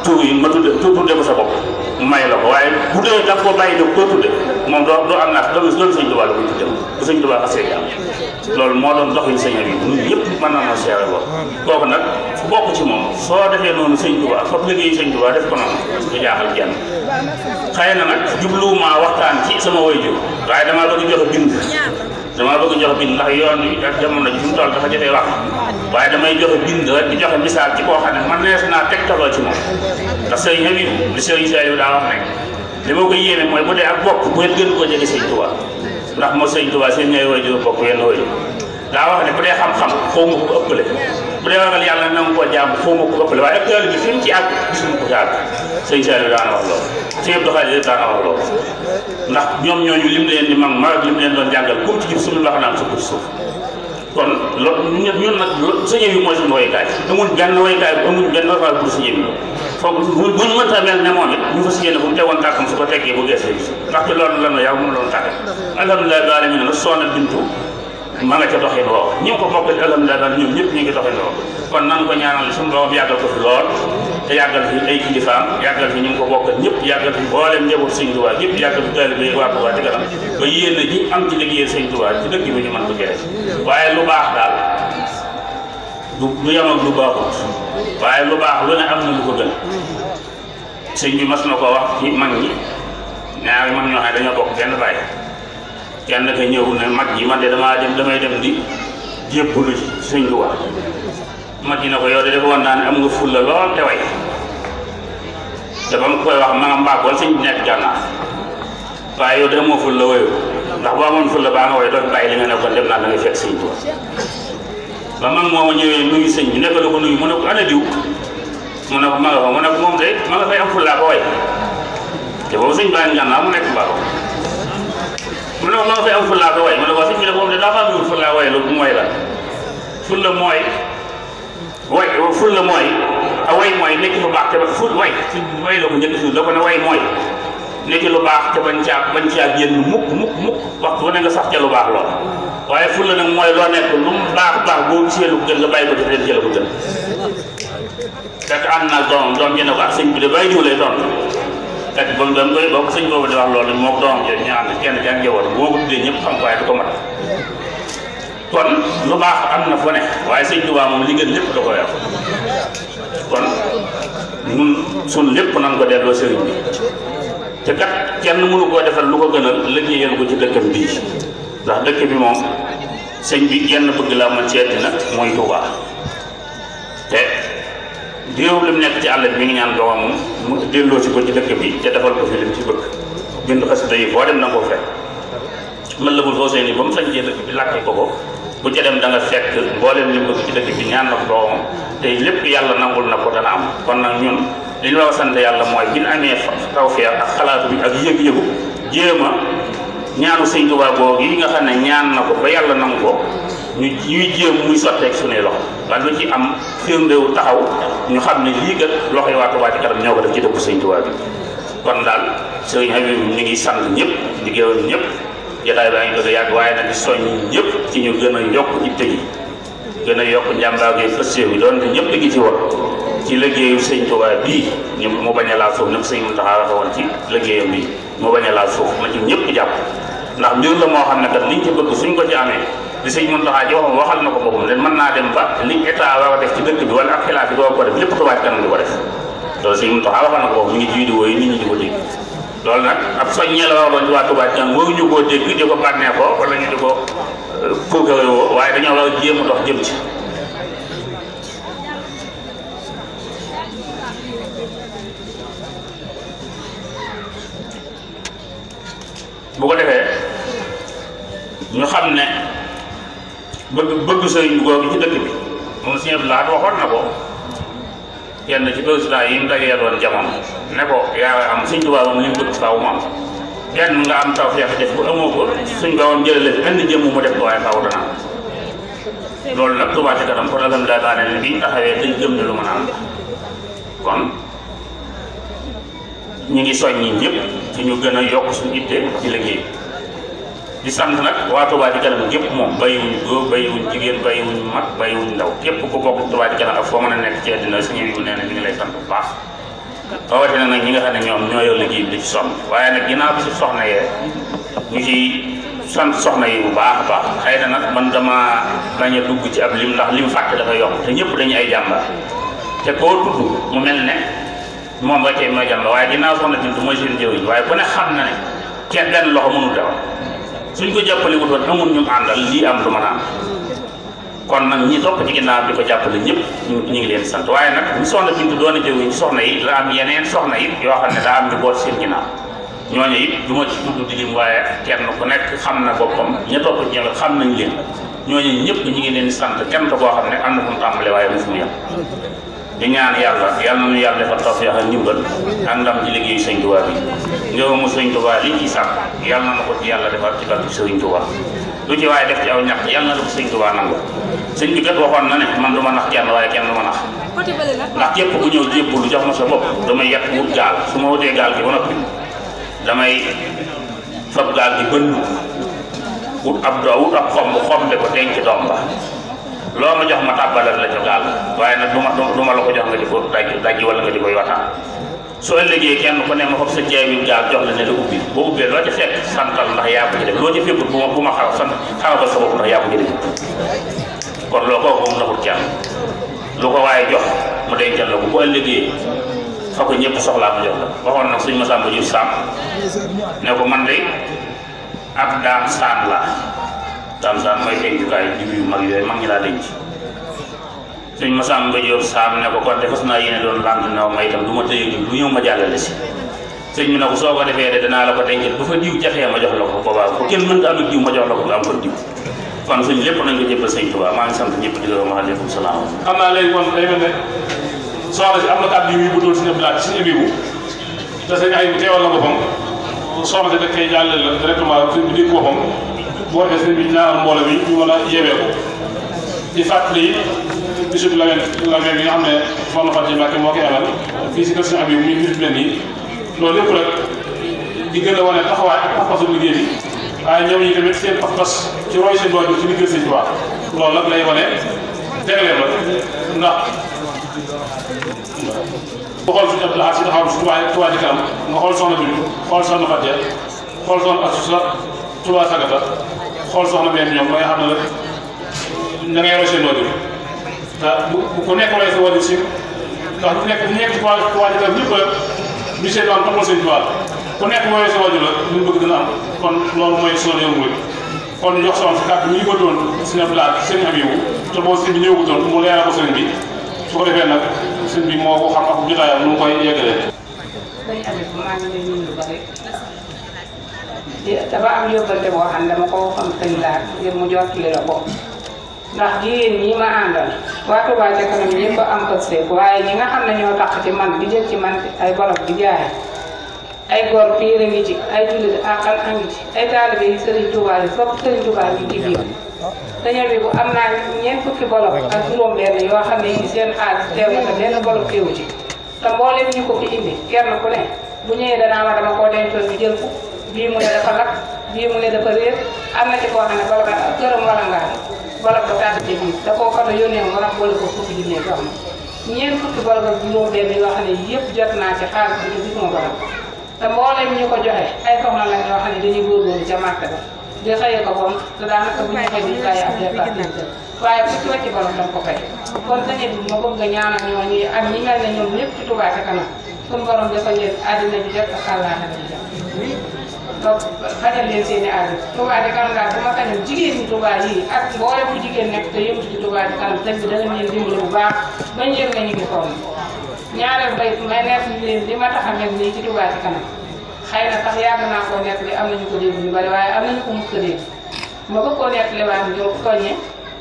tur yi ma tudde tur tudde ko sa bopp may la ko waaye bu dee daf ko bàyyi daf koo tudde moom doo doo am naa doo doo sëñ Tuubaa la koy tudde bu sëñ Tuubaa xasee jàmm loolu moo doon doxin sëñ bi ñun yëpp mën naa noo seere ko kooku nag fu bokk ci moom soo defee noonu sëñ Tuubaa foofu liggéeyu sëñ Tuubaa def ko noonu du jaaxal kenn xëy na nag jubluwumaa waxtaan ci sama waajur waaye damaa bëgg joxe bind damaa bëgg joxe bind ndax yoon wi ak jamono ji fi mu toll dafa jafee wax waaye damay joxe bind rek di joxe misaal ci koo xam ne man nees naa tegtaloo ci moom ndax sëñ Habib li sëñ Saliou daa wax ne li ma ko yéene mooy bu dee ak bokk bu gën koo jege sëñ Tuubaa ndax moo sëñ Tuubaa seen ñooy waajur bokk yenn waajur daa wax ne bu dee xam-xam xaw ma ko ëppale bu dee ragal yàlla nangu koo jaam xaw ma ko ëppale waaye ëppale bi fi mu ci àgg gisuma ko ci àgg sëñ Saliou daana wax loolu sëñ Abdou Khadir daana wax loolu ndax ñoom ñooñu lim leen di mag mag lim leen doon jàngal gum ci jib suñu wax naan sukk ci suuf kon loolu ñun nag sëñ bi mooy suñu woykaay amuñ benn woykaay amuñ benn ragal pour sëñ bi foofu bu bu mënta mel ne moom it ñu fas yéene bu mu tegoon tàkkam su ko teggee bu geesee gis ndaxte loolu lan la yow mënu loon tàkk alhamdulilah bi alamin soona bintu ma nga ca doxin woow ñi ngi ko bokk alhamdulilah daal ñoom ñëpp ñu ngi doxin woow kon nan ko ñaanal suñu borom yàggal ko fi lool te yàggal fi ay kilifaam yàggal fi ñu ngi ko bokkal ñëpp yàggal fi mboolem njaboot sëñ Tuubaa ñëpp yàggal fi taalibe yi waa Tuubaa ci kanam ba ji am ci liggéeyal sëñ waaye lu baax lu ne am na lu ko gën sëñ bi mas na ko wax ci mag ñi ñaari mag ñoo xam ne dañoo bokk benn bàyyi kenn ka ñëw ne mag ji man de damaa dem damay dem di jébbalu ci sëñ bi wax mag ko yow de dafa woon naa ne am nga fulla lool te koy wax ma nga mbaagoon nekk gànnaar waaye yow de amoo fulla wayu ndax boo amoon fulla baa nga way doo fi bàyyi la nga nekkoon dem naa da nga fekk sëñ bi ba mag moomu ñëwee nuyu nekk na ko nuyu mu ne ko ana diw mu ne ko ma nga am fulla ko way te boobu sëñ baa ngi mu nekk mbaaw mu ne ko ma am fulla ko way mu ne ko mooy la fulla a way mooy nekk fa baax te way way la ko njëkk suuf way mooy ne ci lu baax ca bañ caa bañ caa génn mukk mukk mukk waxtu ne nga sax ca lu baax lool waaye fulla nag mooy loo nekk lu mu baax baax boo gisee lu gën nga bàyyi ko ci dem jëla ko gën fekk ànd naa doomam doom ji ne ko ak sëñ bi de bàyyi diw lay doon fekk ba mu dem koy bokk sëñ boobu di wax loolu moom doomam jooju ñu ànd kenn jàng njaboot moo ko tuddee ñëpp xam ko waaye du ko mat kon lu baax am na fu ne waaye sëñ Tuubaa moom li gën lépp da ko yor kon ñun suñ lépp nan ko delloo sëriñ bi te kat kenn mënu koo defal lu ko gënal liggéeyal ko ci dëkkam bii ndax dëkk bi moom sëñ bi genn bëgg laa mën ci àddina mooy Tuuba te diiru lim nekk ci àll bi mi ngi ñaan doomam mu delloo si ko ci dëkk bi te defal ko fi lim ci bëgg bindu xasida yi boo dem na ko fekk mën la bul foo seen yi ba mu sañ ci bi làkkee ko ko bu ca dem da nga fekk mbooleem lim bëgg ci dëkk bi ñaan na ko doomam lépp yàlla nangul na ko dana am kon nag ñun li ñu war a sant yàlla mooy bi ñu amee tawfeex ak xalaat bi ak yëg-yëgu jéema ñaanu sëñ Tuubaa googu yi nga xam ne ñaan na ko ba yàlla nangu ko ñu ñuy jéem muy sotteeg suñuy loxo ba lu ci am firndéewu taxaw ñu xam ne lii kat loxo yi waa Tuubaa kanam ñoo ko def ci dëkku sëñ Tuubaa bi kon daal sëriñ Habib ñu ngi sant ñëpp di gërëm ñëpp jotaay baa ngi bëgg yàgg waaye nag di soññ ñëpp ci ñu gën a yokk ci tëj gën a yokk njàmbaage fas yéewu doonte ñëpp li ngi ci woon ci liggéeyu sëñ Tuubaa bii ñu mu bañ a laal suuf ñëpp sëñ Muntaxaa waxe woon ci liggéeyam bi mu bañ a laal suuf na ci ñëpp jàpp ndax mbir la moo xam ne kat liñ ci bëgg suñ ko ci amee li sëñ Muntaxaa ji waxoon waxal na ko boppam leen mën naa dem ba li état war a def ci dëkk bi wala ak xilaat yi doo ko def lépp Tuubaa ci kanam di ko def loolu sëñ Muntaxaa waxal na ko boppam mi ngi ci vidéo yi nit ñi di ko dégg loolu nag ab soññee la war doon ci waa Tuubaa ci kanam waruñu koo dégg di ko bànnee ko wala ñu di ko kooku yooyu waaye dañoo war a jéem a dox jëm ci bu ko defee ñu xam ne bëgg bëgg sëriñ googu ci dëkk bi moom si ñëpp laat waxoon na ko yenn ci président yi mu dajeeloon jamono ne ko yaa am sëriñ Tuubaa moom li mu bëgg faaw mu am kenn nga am taw feex def bu amoo ko suñ bawam jëlale fi andi jëmm mu def ko waaye faaw dana am loolu nag tubaa ci kanam kon alhamdulilah baa ne bi taxawee dañ gëm ne lu mën kon ñi ngi soññi ñëpp ci ñu gën a suñu itte ci liggéey di sant nag waa Touba ci kanam gépp moom bàyyiwuñ góor bàyyiwuñ jigéen bàyyiwuñ mag bàyyiwuñ ndaw képp ku bokk Touba ci kanam ak foo mën a nekk ci àddina suñu yiw nee ñu lay sant bu baax rawatina nag ñi nga xam ne ñoom ñoo yor liggéey bi ci waaye nag ginnaaw bi ci soxna yee ñu ci sant soxna yi bu baax a baax xëy na nag man dama bañ dugg ci ab lim ndax lim fàtte dafa yokk te ñëpp dañu ay jàmbaar te koo tudd mu mel ne moom rek mooy jàmbaar waaye ginnaaw soxna Bintu mooy seen jëriñ waaye ku ne na ne kenn benn loxo mënul dawal suñ ko jàppale wutoon amul ñu àndal lii am du mën a kon nag ñi topp ci ginnaaw di ko jàppale ñëpp ñu ñu ngi leen sant waaye nag ñu soxna Bintu doon a jëwriñ ci soxna yi la am yeneen soxna yi yoo xam ne daa am ñu boot seen ginnaaw ñooñu it du ma ci tudd waaye kenn ku nekk xam na boppam ña topp ñëw xam nañ leen ñooñu ñëpp ñu ngi leen sant kenn boo xam ne am na fu mu tàmbale waaye mu fu mu yem di ñaan yàlla yàlla na ñu yàlla defal tawfiq ak ndimbal ak ndam ci liggéeyu sëñ Tuubaa bi ngëwamu sëñ Tuubaa li ci yàlla na ko ci yàlla defal ci barke sëriñ lu ci waaye def ci aw ñax yàlla na la ko sëñ nangu sëñ bi kat waxoon na ne man du ma nax kenn waaye kenn du ma nax ndax képp ku ñëw jébbalu jox ma sa bopp damay yet wut gaal su ma wutee gaal gi ba noppi damay fab gaal gi bënn wut ab doo wut ab xomb xombe ko denc doom ba loo ma jox ma tàbbalal la ca gaal waaye nag du ma du ma la ko jox nga di ko daj daj wala nga di koy wataa soo liggéey kenn ku ne ma xob sa ceeb bi gaal jox la ne la ubbi boo ubbee loo ca fekk santal ndax yaa ko ci def loo ca fekkul bu ma bu ma xaw sant xamal sa bopp ndax yaa ko ci def kon loo ko moom naxul kenn lu ko waaye jox mu dencal la ko bu ëllëgee fa ko ñëpp soxlaa ma jox la waxoon nag suñu masamba ñu saam ne ko man de ab daam saan la daam saan mooy dencukaay diw yu mag yooyu mag ñi laa denc sëñ Masamba Diop Saam ne ko kon de fas naa yéene doon lànk naw ma itam du ma tëye du ñëw ma jàllale si sëñ bi ne ko soo ko defee de danaa la ko dencal bu fa diw jaxee ma jox la ko boobaa ko kenn mënta am diw ma jox la ko nga am ko diw kon suñ lépp nañ ko jébbal sëñ Tuubaa maa ngi sant ñëpp di la wax maaleykum salaam xam naa léegi kon day mel ne soxna si am na kàddu yu bu doon suñu bilaat suñu ébibu te sëñ ay bi teewal na boppam soxna si da koy jàllale la directement sëñ bi dégg boppam boo defee sëñ bi ñaanal mbooloo bi ñu mën a yebee ko di fàttali bisub Lamin Lamin bi nga xam ne Soxna Fatou Mbacke moo koy amal fii si kër Sëñ Abib muy bis mel nii loolu lépp rek di gën a wane taxawaay ak pas-pasu liggéey bi waaye ñoom ñi tamit seen pas-pas ci roy seen waajur ci liggéey Sëñ Tuubaa loolu nag lay wane tegaleem la ndax boo xool suñu Abdou Lahad si taxaw si Tuubaa Tuubaa ci kanam nga xool soxna bi xool soxna Fatou xool soxna Asou Sa Tuubaa Sagata xool soxna benn ñoom ba nga xam ne rek da ngay roy seen waajur bu bu nekkulee sa wàllu si ndax bu nekk bu nekk ci waa waa ji tam ñëpp rek monsieur Dame toppal seen tubaab ku nekk wooyee sa wàllu la lu mu bëgg dina am kon loolu mooy soo néew mooy kon jox soxna si kàddu ñu ngi ko doon seen ablaat seen abiwu te boo sëñ bi ñëwagutoon mu leeral ko sëñ bi su ko defee nag sëñ bi moo ko xam ak jotaayam nu mu koy yeggalee. day amee maa ngi lay nuyu lu bari dafa am yóbbante boo xam ne dama ko xam sëñ Laar ngir mu jottali la ko. ndax jigéen ñi ma àndal waa Touba ca kanam ñëpp am pëstef waaye ñi nga xam ne ñoo tax ci man di jël ci man ay borom di jaay ay góor piir a ngi ci ay jullit àqal a am naa ñeent fukki bolok ak juróom-benn yoo xam ne yi seen xaalis teew na te benn bolok teewu ci te mboolem ñu ko fi indi kenn ku ne bu ñëwee danaa ma dama koo dencoon bi jël ko bii mu ne dafa lakk bii mu ne dafa réer am na ci koo xam ne bala këram wala borob ba gàddu ci biir da koo far la yónnee ma ma boole ko fukki benn yoo xam yëpp jot naa ci xaalis bi te ñu ko joxe ay soxna lañ yoo xam ne di xëyee ko bon te daanaka bu ñu xëy di bàyyi ak départ waaye nga ne ñoom ñëpp ci Touba ca kanam suñu borom defal leen àddina bi jot ak àllaaxira bi jot ba fajalee seen i aajo Touba Ca Kanam daal bu ma sañoon jigéen ñi Touba yi ak bu jigéen nekk te yëngatu ci Touba Kanam dëgg bu baax bañ yëg ne ñu ngi ñaareel bay may nekk leen li ma tax a mel nii ci Touba Ca Kanam xëy na sax yàgg naa koo nekk li am nañu ko dégg ñu bari waaye am nañu ko mos a dégg ma bëgg koo nekk lewaat ñu ko soññe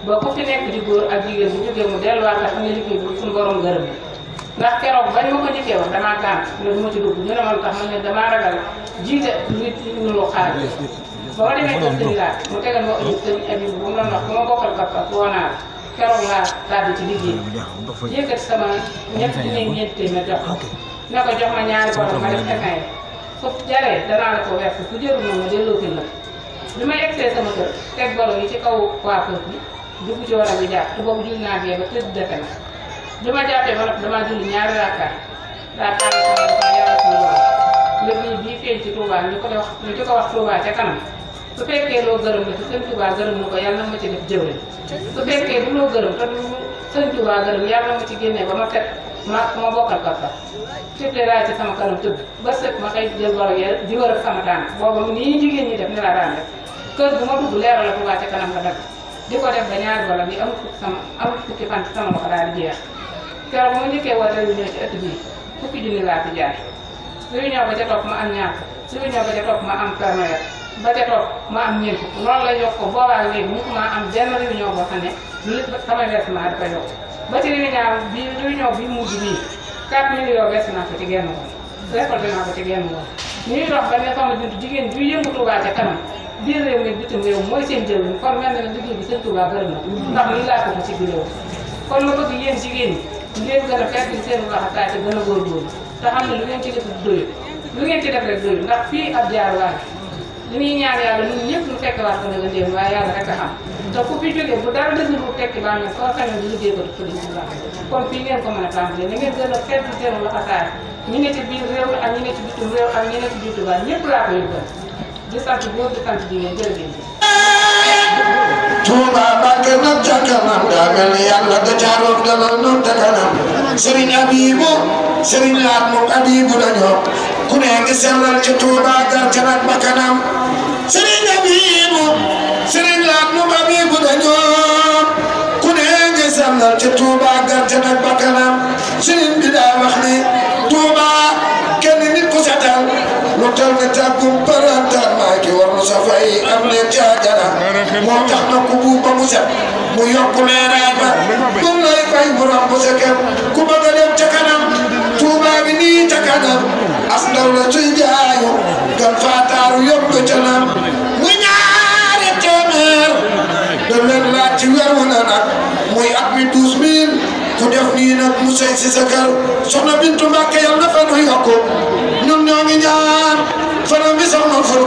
ba ku fi nekk di góor ak jigéen bu jógee mu delluwaat nga xam ne liggéey bu suñu borom gërëm ndax keroog bañ ma ko njëkkee wax damaa gànt loolu moo ci dugg ñu ne ma lu tax ma ne damaa ragal jiite nit ñu lu xaar ba ma demee kër sëñ laat mu tegal ma ëllëg sëñ abi bu mu doon wax bu ma bokkal bakkat woonaar keroog laa tàbbi ci liggéey yëkkati sama ñett ne ñeent téeméer jox ne ko jox ma ñaari borom ma def tekan yi jaree danaa la ko wekk ku jërul ma delloo la bi sama kër teg bolo yi ci kaw waa kër bi dugg ci war a bi jàpp te boobu naa gee ba tëdd defe na bi ma jàppee ba dama julli raka, rakka daa tànn sama yàlla suñu borom liggéey bii feeñ ci Touba ñu ko wax ñu di ko wax Touba ca kanam su fekkee loo gërëm la te sëñ Touba gërëm na ko yàlla na ma ci def jëwriñ su fekkee du loo gërëm te du sëñ Touba gërëm yàlla na ma ci génnee ba ma teg ma ma bokkal kàttan tëblee daal ci sama kanam tëb ba sëkk ma xëy jël borom yàlla di wër sama tànk boobu nii jigéen ñi def ni laa daan def kër bu ma dugg leeral Touba ca kanam la def di def ba ñaari borom yi amul fukki sama amul fukki fan sama loxo daal di jeex keroog ba eh, ya. ma njëkkee woo réunion ci ëtt bi fukki junni laa fi jaay réunion ba ca topp ma am ñaar réunion ba ca topp ma am fanweer ba ca topp ma am ñeent fukk noonu la yokk ko mu ma am benn réunion boo xam lu sama versement dafa yokk ba ci ya réunion bi réunion bi mujj nii 4 millions vers naa ko ci genn woon récolté naa ko ci genn woon ñuy dox ba ne sama dund jigéen ju yëngu Touba ca kanam biir réew mi bitim réew mooy seen jëwriñ kon mel na liggéey bi seen gërëm na ndax laa ko ci kon ma bëgg ñu leen gën a fekk seenu laxasaay te gën a góorgóorlu te xam ne lu ci def doyul lu ngeen ci def rek doyul ndax fii ab jaar waay li ñuy ñaan yàlla ñun ñëpp ñu fekk waat ko nga déen waaye yàlla rek a xam te ku fi jógee bu dara dëgg bu baa mel soo sañoon di liggéey ko di la kon fii ngeen a tàmbalee ni ngeen gën a fekk seenu laxasaay ñi ne ci biir réew mi ak ñi ne ci bitim réew ak ñi ne ci biir tubaab ñëpp laa ko yëgal di sant da caaroon dalal Serigne Abibou Serigne Laat moom Abibou dañoo ku nekk sellal ci Touba gàncax ak bakkanam Serigne Abibou Serigne Laat moom Abibou dañoo ku nekk sellal ci Touba gàncax ak bakkanam Serigne bi daa wax ni Touba kenn nit ku setal lu tal ne tàggum parantar maa ngi war mu sa fay am leen jaajara moo tax na ku buub ba mu set mu yokk leeraay ba alxuraan bu ku bëgg a dem ca kanam Tuuba bi nii ca kanam as ndaw la jaayu gan faa taaru yóbbu ca nam mu ñaare téeméer da leen laaj ci weer wu na muy at mi douze mille ku def nii nag mu sey sa kër soxna Bintu Mbàkke yal na fa nu yokku ñun ñoo ngi ñaan fanam bi sax ma ful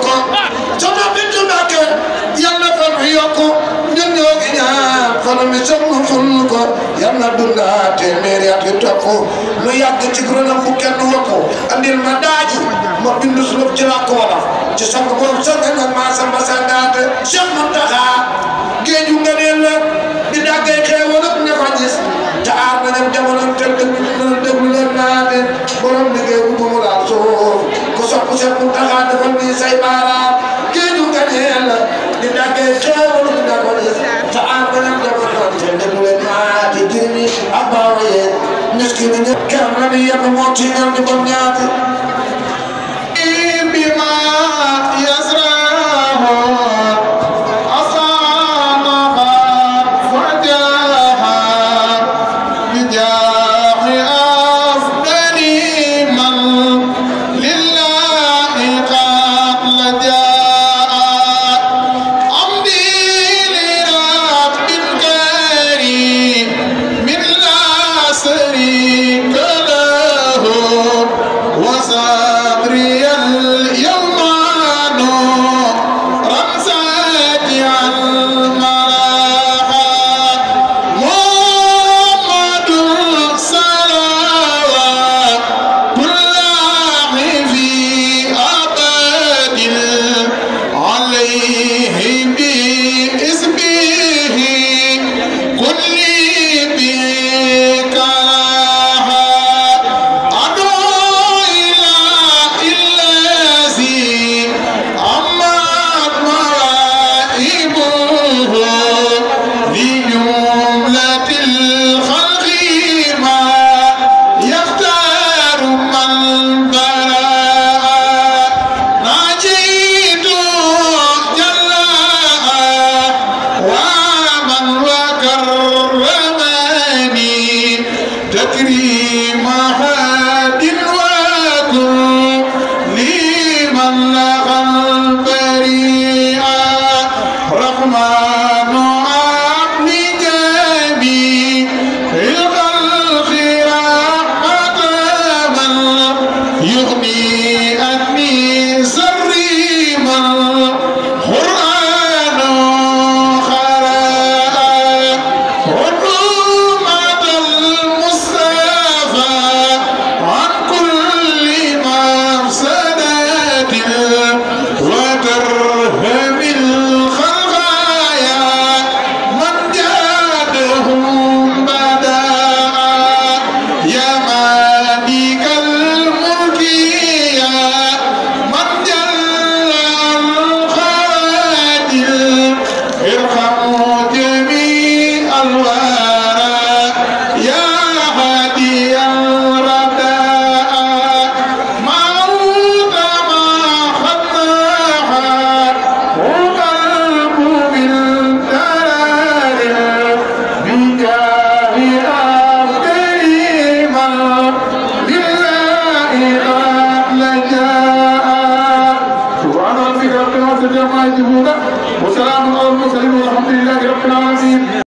xol mi soog mu ful ko yal na dundaa téeméeri at yu topp lu yàgg ci kuréelam bu kenn wokku andil ma daaji ma bindu sulub ci làkk wala ci soog moom soog nga maa ma sa daate Cheikh Mountakha géeju nga ne la di dàggee xeewal ak ne ko gis te na leen jamono te déglu leen déglu leen naa ne borom liggéey bu ko mu laal suuf ku sopp Cheikh Mountakha defal جيدا كان لي يقوم جيدا بطنياته